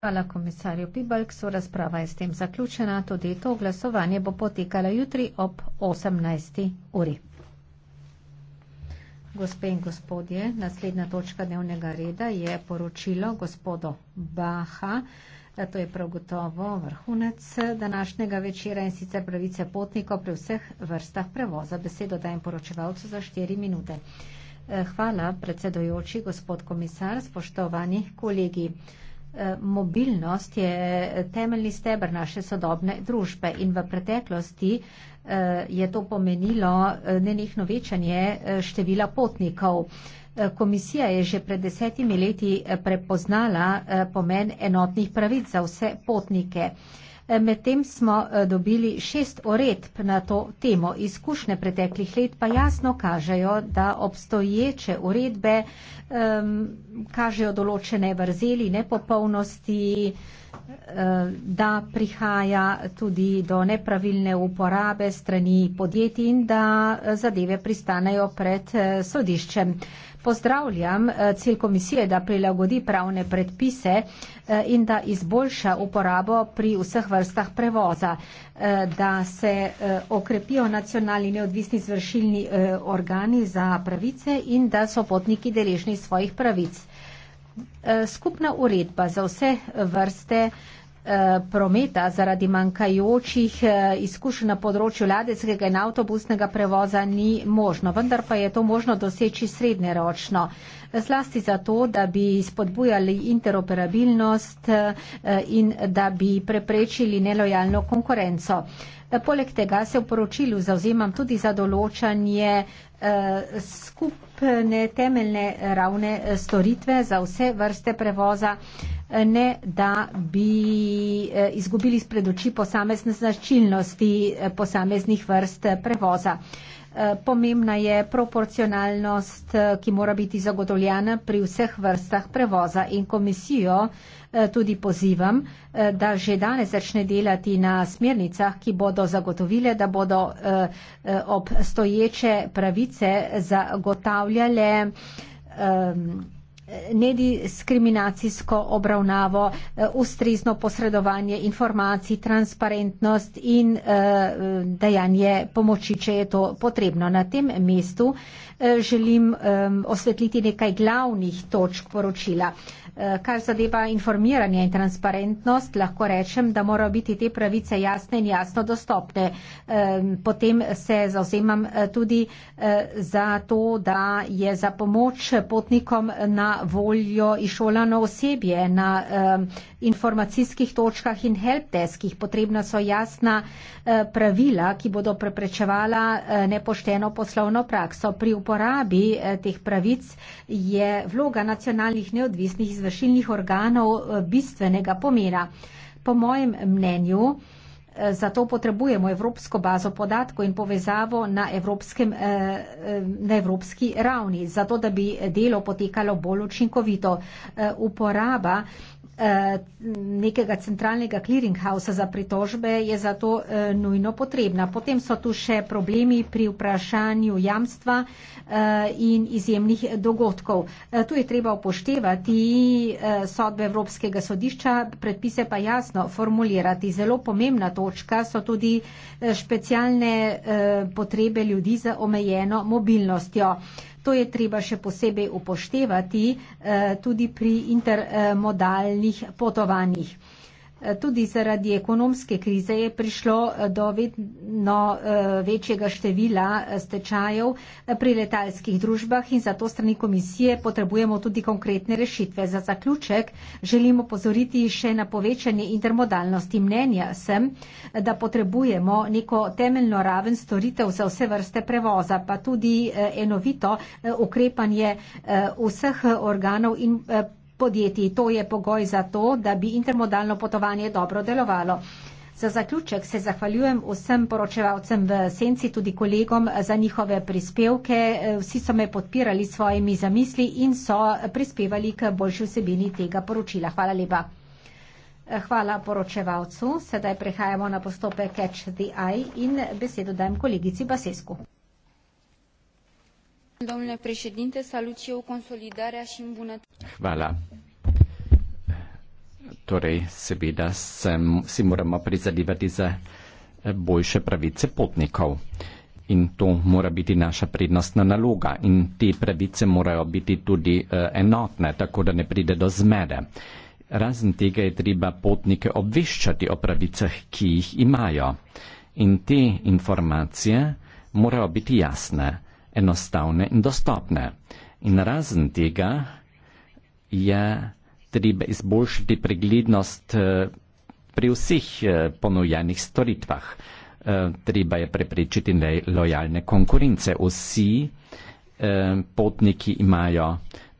Hvala komisarju Pibalk, so razprava je s tem zaključena, tudi to glasovanje bo potekalo jutri ob 18. uri. Gospe in gospodje, naslednja točka dnevnega reda je poročilo gospodo Baha. To je prav gotovo vrhunec današnjega večera in sicer pravice potnikov pri vseh vrstah prevoza. Besedo dajem poročevalcu za 4 minute. Hvala, predsedojoči, gospod komisar, spoštovani kolegi. Eh, mobilnost je eh, temeljni stebr naše sodobne družbe in v preteklosti eh, je to pomenilo nenehno večanje števila potnikov. Komisija je že pred desetimi leti prepoznala pomen enotnih pravic za vse potnike medtem smo eh, dobili šest oredb na to temo. Izkušnje preteklih let pa jasno kažejo, da obstoječe uredbe um, kažejo določene vrzeli, nepopolnosti, uh, Eh, da prihaja tudi do nepravilne uporabe strani podjetij in da eh, zadeve pristanejo pred eh, sodiščem. Pozdravljam cilj komisije, da prilagodi pravne predpise in da izboljša uporabo pri vseh vrstah prevoza, da se okrepijo nacionalni neodvisni zvršilni organi za pravice in da so potniki deležni svojih pravic. Eh, skupna uredba za vse vrste eh, prometa zaradi manjkajočih eh, izkušenj na področju ladeckega in avtobusnega prevoza ni možno, vendar pa je to možno doseči srednjeročno. Zlasti zato, da bi spodbujali interoperabilnost in da bi preprečili nelojalno konkurenco. Poleg tega se v poročilu zauzemam tudi za določanje eh, skupne temeljne ravne eh, storitve za vse vrste prevoza, eh, ne da bi izgubili spred oči posamezne značilnosti posameznih vrst prevoza. Eh, pomembna je proporcionalnost, eh, ki mora biti zagotovljena pri vseh vrstah prevoza in komisijo eh, tudi pozivam, da že danes začne delati na smernicah, ki bodo zagotovile, da bodo obstoječe pravice zagotavljale um, nediskriminacijsko obravnavo, eh, ustrezno posredovanje informacij, transparentnost in eh, dajanje pomoči, če je to potrebno. Na tem mestu eh, želim osvetliti nekaj glavnih točk poročila. Eh, kar zadeva informiranje in transparentnost, lahko rečem, da morajo biti te pravice jasne in jasno dostopne. Potem se zauzemam eh, tudi eh, za to, da je za pomoč potnikom na voljo išolano osebje na informacijskih točkah in helpdeskih. Potrebna so jasna pravila, ki bodo preprečevala nepošteno poslovno prakso. Pri uporabi teh pravic je vloga nacionalnih neodvisnih izvedencev izvršilnih organov eh, bistvenega pomena. Po mojem mnenju, eh, zato potrebujemo evropsko bazo podatkov in povezavo na, evropskem, eh, na evropski ravni, zato da bi delo potekalo bolj učinkovito. Uporaba Eh, nekega centralnega clearinghousa za pritožbe je zato eh, nujno potrebna. Potem so tu še problemi pri vprašanju jamstva eh, in izjemnih dogodkov. Tu je treba upoštevati sodbe Evropskega sodišča, predpise pa jasno formulirati. Zelo pomembna točka so tudi specialne potrebe ljudi za omejeno mobilnostjo to je treba še posebej upoštevati eh, tudi pri intermodalnih potovanjih. Eh, tudi zaradi ekonomske krize je prišlo eh, do vedno eh, večjega števila stečajev pri letalskih družbah in zato strani komisije potrebujemo tudi konkretne rešitve. Za zaključek želimo pozoriti še na povečanje intermodalnosti. Mnenja sem, da potrebujemo neko temeljno raven storitev za vse vrste prevoza, pa tudi enovito ukrepanje vseh organov in podjetij. To je pogoj za to, da bi intermodalno potovanje dobro delovalo. Za zaključek se zahvaljujem vsem poročevalcem v Senci, tudi kolegom za njihove prispevke. Vsi so me podpirali s svojimi zamisli in so prispevali k boljši vsebini tega poročila. Hvala lepa. Hvala poročevalcu. Sedaj prehajamo na postopek Catch the Eye in besedo dajem kolegici Basesku. Domnule președinte, salut și eu consolidarea și îmbunătățirea. Torej, seveda sem, si moramo prizadevati za eh, boljše pravice potnikov in to mora biti naša prednostna naloga in te pravice morajo biti tudi eh, enotne, tako da ne pride do zmede. Razen tega je treba potnike obveščati o pravicah, ki jih imajo in te informacije morajo biti jasne enostavne in dostopne. In razen tega je treba izboljšati preglednost eh, pri vseh eh, ponujenih storitvah. Eh, treba je preprečiti lojalne konkurence. Vsi potniki imajo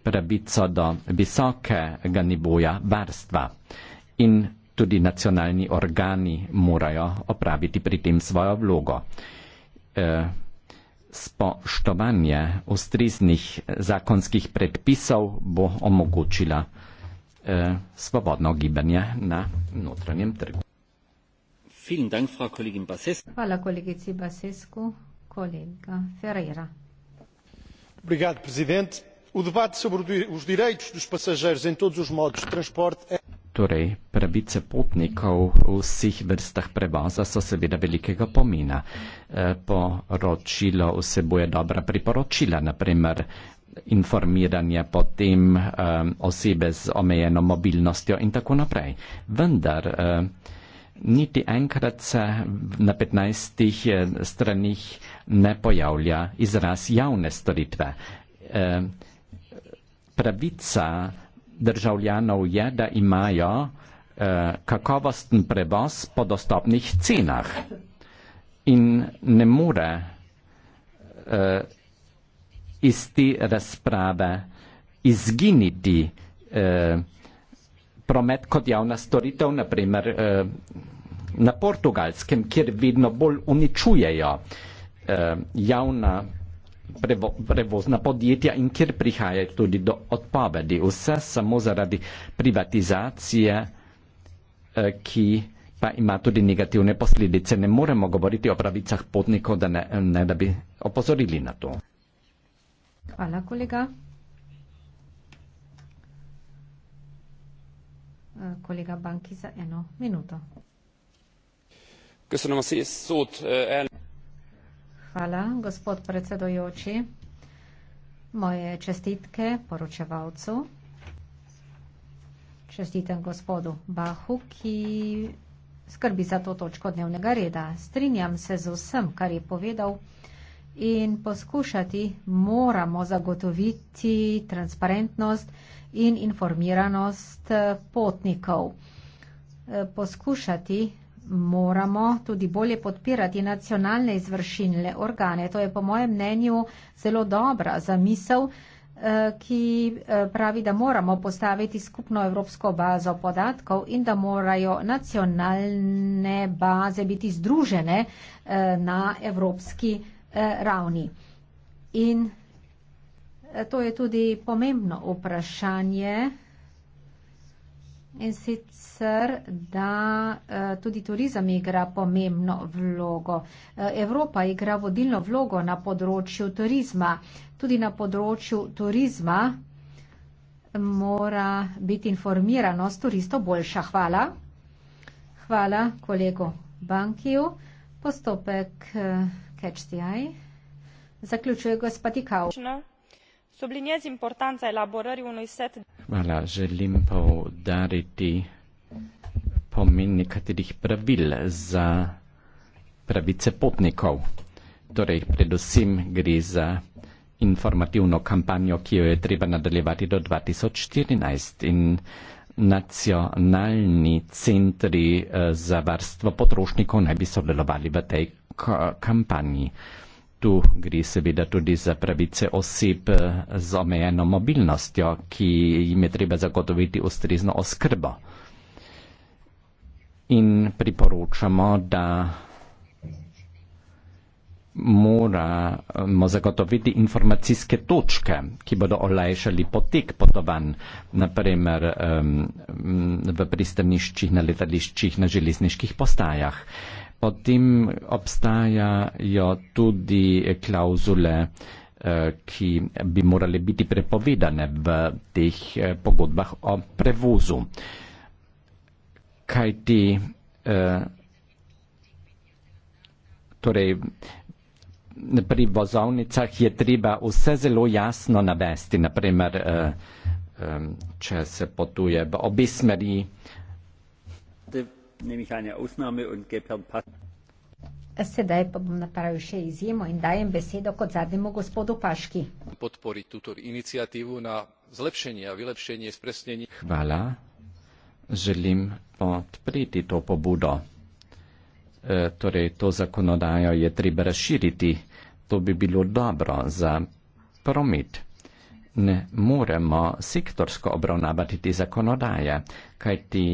pravico do visokega niboja varstva. In tudi nacionalni organi morajo opraviti pri tem svojo vlogo spoštovanje ustriznih zakonskih predpisov bo omogočila eh, svobodno gibanje na notranjem trgu. Hvala kolegici Basescu, kolega Ferreira. Obrigado, president. O debate sobre os direitos dos passageiros em todos os modos de transporte é torej pravice potnikov v vseh vrstah prevoza so seveda velikega pomena. E, poročilo vsebuje dobra priporočila, naprimer informiranje potem e, osebe z omejeno mobilnostjo in tako naprej. Vendar e, niti enkrat se na 15 stranih ne pojavlja izraz javne storitve. Pravica državljanov je, da imajo eh, kakovosten prevoz po dostopnih cenah in ne more eh, iz te razprave izginiti eh, promet kot javna storitev, naprimer eh, na portugalskem, kjer vedno bolj uničujejo eh, javna Prevo, prevozna podjetja in kjer prihaja tudi do odpovedi. Vse samo zaradi privatizacije, eh, ki pa ima tudi negativne posledice. Ne moremo govoriti o pravicah potnikov, da ne, ne da bi opozorili na to. Hvala, kolega. Eh, kolega Banki za eno minuto. Köszönöm a szót, elnök. Eh, Hvala, gospod predsedojoči. Moje čestitke poročevalcu. Čestitam gospodu Bahu, ki skrbi za to točko dnevnega reda. Strinjam se z vsem, kar je povedal in poskušati moramo zagotoviti transparentnost in informiranost eh, potnikov. Eh, poskušati moramo tudi bolje podpirati nacionalne izvršilne organe. To je po mojem mnenju zelo dobra zamisel, eh, ki eh, pravi, da moramo postaviti skupno evropsko bazo podatkov in da morajo nacionalne baze biti združene eh, na evropski ravni. In to je tudi pomembno vprašanje in sicer, da eh, tudi turizem igra pomembno vlogo. Eh, Evropa igra vodilno vlogo na področju turizma. Tudi na področju turizma mora biti informiranost turistov boljša. Hvala. Hvala kolego Bankiju. Postopek eh, CatchTI. Zaključuje gospod Ikao. So bili njez importanca elaborarju unoj set. Voilà, že limpo dariti pomeni nekaterih pravil za pravice potnikov. Torej, predvsem gre za informativno kampanjo, ki jo je treba nadaljevati do 2014 in nacionalni centri eh, za varstvo potrošnikov naj bi sodelovali v tej kampanji. Tu gre seveda tudi za pravice oseb z omejeno mobilnostjo, ki jim je treba zagotoviti ustrezno oskrbo. In priporočamo, da moramo zagotoviti informacijske točke, ki bodo olajšali potek potovanj, naprimer um, v pristaniščih, na letališčih, na železniških postajah. Potem obstajajo tudi klauzule, eh, ki bi morale biti prepovedane v teh eh, pogodbah o prevozu. Kaj ti, eh, torej, pri vozovnicah je treba vse zelo jasno navesti, naprimer, če se potuje v obe smeri. Sedaj pa bom napravil še izjemo in dajem besedo kot zadnjemu gospodu Paški. Podporiti tuto inicijativu na zlepšenje, vylepšenje, spresnjenje. Hvala. Želim podpriti to pobudo. E, torej, to zakonodajo je treba razširiti. To bi bilo dobro za promet. Ne moremo sektorsko obravnavati zakonodaje, kajti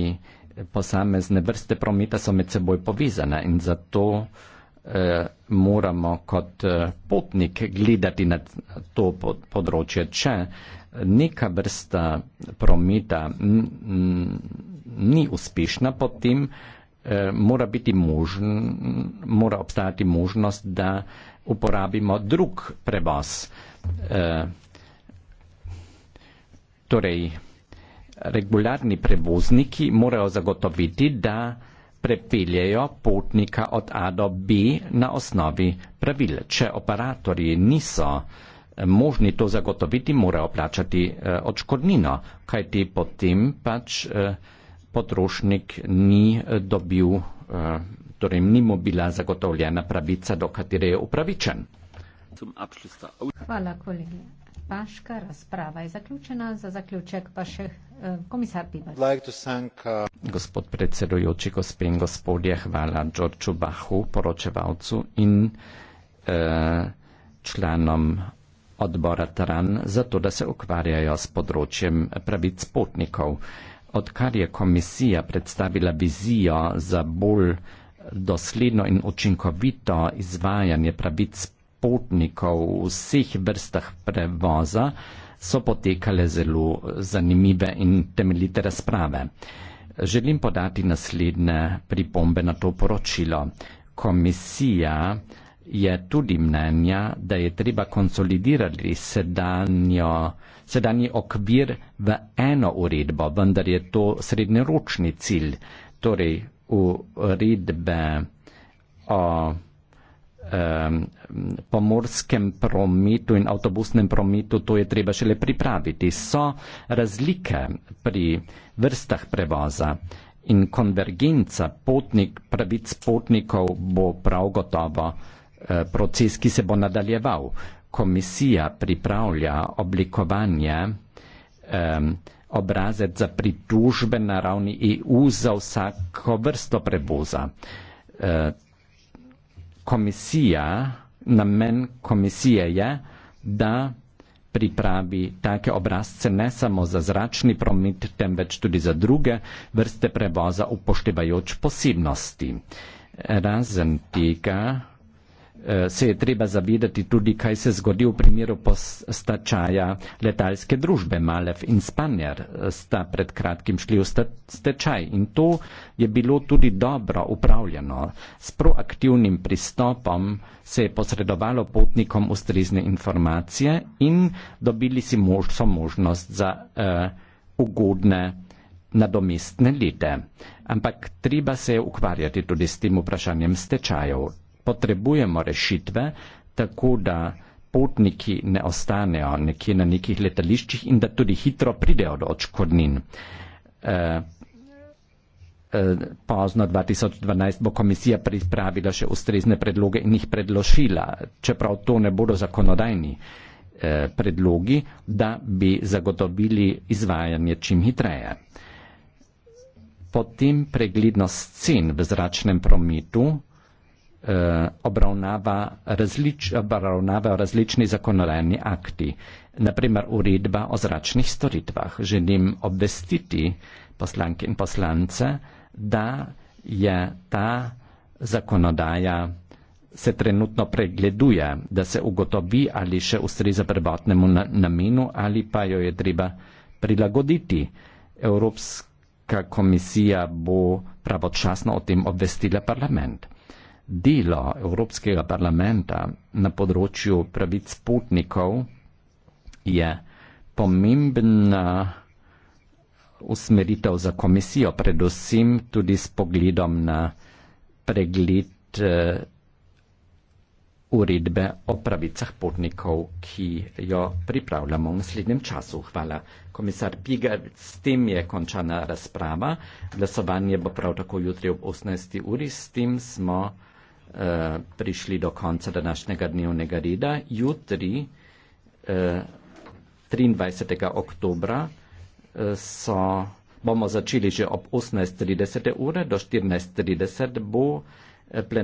posamezne vrste prometa so med seboj povezane in zato eh, moramo kot eh, potnik gledati na to pod, področje. Če neka vrsta prometa ni uspešna, potem eh, mora, biti možn, mora obstajati možnost, da uporabimo drug prevoz. Eh, torej, regularni prevozniki morajo zagotoviti, da prepeljejo potnika od A do B na osnovi pravil. Če operatorji niso eh, možni to zagotoviti, morajo plačati eh, odškodnino, kajti potem pač eh, potrošnik ni eh, dobil, eh, torej ni mu bila zagotovljena pravica, do katere je upravičen. Hvala, kolegi. Paška, razprava je zaključena. Za zaključek pa še eh, komisar Pivac. Like thank, uh... Gospod predsedujoči, gospe in gospodje, hvala Đorču Bahu, poročevalcu in eh, članom odbora Taran, zato da se ukvarjajo s področjem pravic potnikov. Odkar je komisija predstavila vizijo za bolj dosledno in učinkovito izvajanje pravic potnikov, potnikov v vseh vrstah prevoza, so potekale zelo zanimive in temeljite razprave. Želim podati naslednje pripombe na to poročilo. Komisija je tudi mnenja, da je treba konsolidirati sedanjo, sedanji okvir v eno uredbo, vendar je to srednjeročni cilj, torej uredbe o Ehm, pomorskem prometu in avtobusnem prometu, to je treba šele pripraviti. So razlike pri vrstah prevoza in konvergenca potnik, pravic potnikov bo prav gotovo eh, proces, ki se bo nadaljeval. Komisija pripravlja oblikovanje um, ehm, obrazec za pritužbe na ravni EU za vsako vrsto prevoza. Uh, komisija, namen komisije je, da pripravi take obrazce ne samo za zračni promet, temveč tudi za druge vrste prevoza upoštevajoč posebnosti. Razen tega, Eh, se je treba zavedati tudi, kaj se zgodi v primeru postačaja letalske družbe. Malev in Spanjer eh, sta pred kratkim šli v stečaj in to je bilo tudi dobro upravljeno. S proaktivnim pristopom se je posredovalo potnikom ustrezne informacije in dobili si možno možnost za uh, ugodne nadomestne lete. Ampak treba se je ukvarjati tudi s tem vprašanjem stečajev potrebujemo rešitve, tako da potniki ne ostanejo nekje na nekih letališčih in da tudi hitro pridejo do očkodnin. E, eh, eh, Pozno 2012 bo komisija pripravila še ustrezne predloge in jih predložila, čeprav to ne bodo zakonodajni eh, predlogi, da bi zagotovili izvajanje čim hitreje. Potem preglednost cen v zračnem prometu. Eh, Eh, obravnava, različ, obravnava različni zakonodajni akti, naprimer uredba o zračnih storitvah. Želim obvestiti poslanke in poslance, da je ta zakonodaja se trenutno pregleduje, da se ugotovi, ali še ustreza prvotnemu namenu ali pa jo je treba prilagoditi. Evropska komisija bo pravočasno o tem obvestila parlament delo Evropskega parlamenta na področju pravic potnikov je pomembna usmeritev za komisijo, predvsem tudi s pogledom na pregled eh, uredbe o pravicah potnikov, ki jo pripravljamo v naslednjem času. Hvala, komisar Pigar. S tem je končana razprava. Glasovanje bo prav tako jutri ob 18. uri. S tem smo. Eh, prišli do konca današnjega dnevnega reda. Jutri, uh, eh, 23. oktobra, eh, so, bomo začeli že ob 18.30 ure, do 14.30 bo plenar.